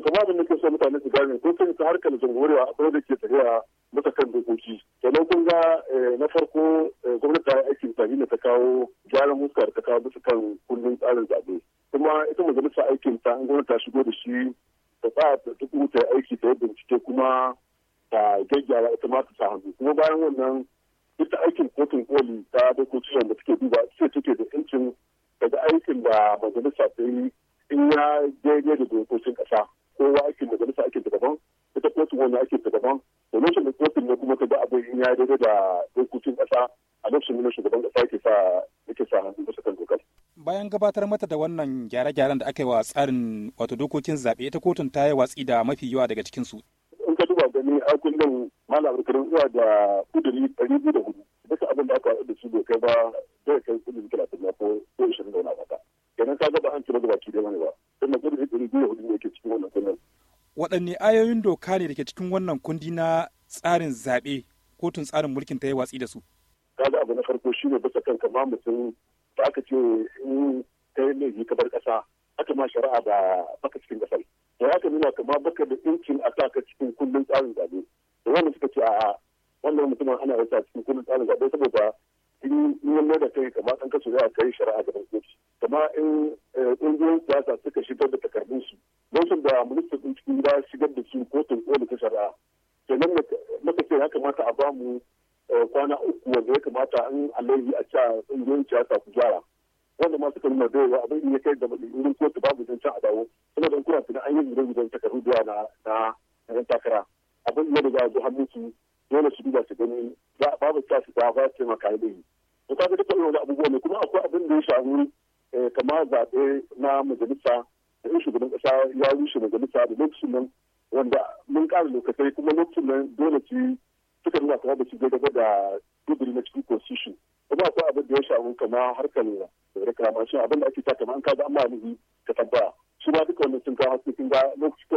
to kamar da nake so mutane su gane ko kan ta harkar jamhuriya akwai da ke tafiya masa kan dokoki na kun ga eh, na farko eh, gwamnati ta yi aikin tafi ne ta kawo gyaran huskar ta kawo bisa kan kundin tsarin zaɓe kuma ita majalisa aikin ta an gwamnati ta shigo da shi ta tsaya ta duk aiki ta yi bincike kuma ta gyaggyara ita ma ta sa hannu kuma bayan wannan ita aikin kotun koli ta dokoki wanda take duba ita take da yancin daga aikin da majalisa ta yi in ya daidai da dokokin ƙasa kowa aikin majalisa aikin ta daban ita kotun wani aikin daban to lokacin da kotun ne kuma ta ga abin ya daidai da dokokin kasa a lokacin ne shugaban ƙasa yake sa yake sa hannu bisa kan dokar. bayan gabatar mata da wannan gyare-gyaren da aka yi wa tsarin wato dokokin zaɓe ita kotun ta yi watsi da mafi yawa daga cikin su. in ka duba gani a kullum malam abubakar zuwa da kuduri ɗari biyu da hudu duka abin da aka haɗu da su bai kai ba zai kai kuduri talatin na ko ishirin da wani abu kenan ka gaba an ci ba gaba ki da wani ba. sannan ƙudurin ɗari biyu hudu ne ke cikin wannan kundin. waɗanne ayoyin doka ne da ke cikin wannan kundi na tsarin zaɓe kotun tsarin mulkin ta yi watsi da su. kaga abu na farko shi ne bisa kan kama mutum da aka ce in ta yi laifi ka bar ƙasa aka ma shari'a da baka cikin ƙasar da haka nuna kama baka da incin a sa ka cikin kundin tsarin zaɓe da wanda suka ce a'a wannan mutumin ana yasa cikin kundin tsarin zaɓe saboda in yi da kai kama ɗan kasu za a kai shari'a gaban kotu kama in kungiyoyin siyasa suka shigar da takardun su lokacin da ministan ɗin cikin gida shigar da su kotun koli ta shari'a kenan muka ce ya kamata a ba mu eh, kwana uku wanda ya kamata an alayi a cewa kungiyoyin siyasa ku gyara wanda ma suka nuna dawowa abin da ya kai da wurin kotu babu zancen a dawo kuma don kuna tunan an yi zure-zuren takardu da na na yan takara abin ya riga zo hannun su dole su duba su gani babu ta su da ba su taimaka da yi to ga duka wani abubuwa ne kuma akwai abin da ya shafi amma zaɓe na majalisa da shugaban ƙasa ya rushe majalisa da lokacin nan wanda mun ƙara lokacin kuma lokacin nan dole ci suka nuna kamar da su zai gaba da dubiri na cikin constitution kuma akwai abin da ya shafi kama harkar reclamation abin da ake ta kama an kaga an ma nuhi ka tambaya su ma duka wannan sun kawo haske ga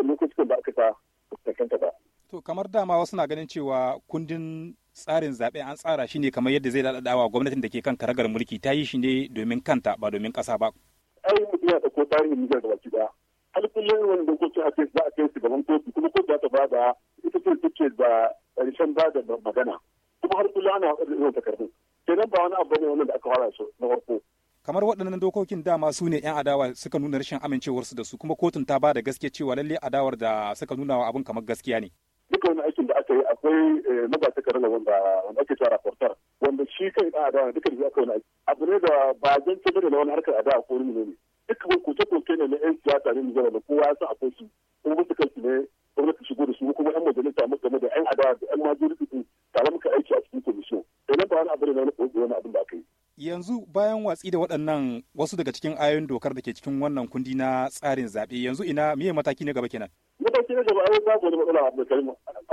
lokacin da aka ta fuskanta ba. To kamar dama wasu na ganin cewa kundin tsarin zaɓe an tsara shi ne kamar yadda zai daɗaɗawa gwamnatin da ke kan karagar mulki ta yi shi ne domin kanta ba domin ƙasa ba ai mutum ya ɗauko tarihin Nijar da baki ɗaya. Alƙullin wani dokoki a za a kai su gaban kotu kuma kotu za ta ba da ita ce take da ƙarshen ba da magana. Kuma har kullum ana haɗa irin takardun. Kenan ba wani abu ne wanda aka fara su na farko. kamar waɗannan dokokin dama su ne 'yan adawa suka nuna rashin amincewarsu da su kuma kotun ta ba da gaske cewa lalle adawar da suka nuna wa abin kamar gaskiya ne. duka wani aikin da aka yi akwai eh, magatakar da wanda wanda ake cewa raportar wanda shi kai da adawa duka da aka wani aiki abu ne da ba zan ce da wani harkar adawa ko rini ne duka wani koke-koke ne na 'yan siyasa ne nijar da kowa ya san akwai su kuma bisa kansu ne ta shigo da su kuma 'yan majalisa mu game da 'yan adawa da 'yan majority din tare muka aiki a cikin komishin idan ba wani abu ne na wani abin da aka yi. yanzu bayan watsi da waɗannan wasu daga cikin ayoyin dokar da ke cikin wannan kundi na tsarin zaɓe yanzu ina miye mataki ne gaba kenan. mataki na gaba ai babu wani matsala abu kai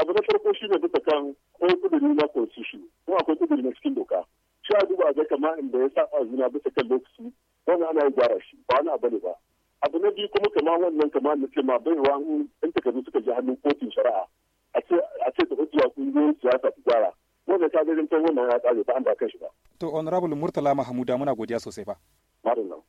abu na farko shi ne bisa kan akwai kuduri na constitution kuma akwai kuduri na cikin doka shi a duba ga kama inda ya saba juna bisa kan lokaci wannan ana yi gyara shi ba wani abu ne ba abu na biyu kuma kama wannan kama na ce ma baiwa in takardu suka je hannun kotun shari'a a ce ta hujja kungiyoyin siyasa su gyara wannan ta gajin wannan ya tsare ba an ba kai shi ba. to honorable murtala mahamuda muna godiya sosai fa.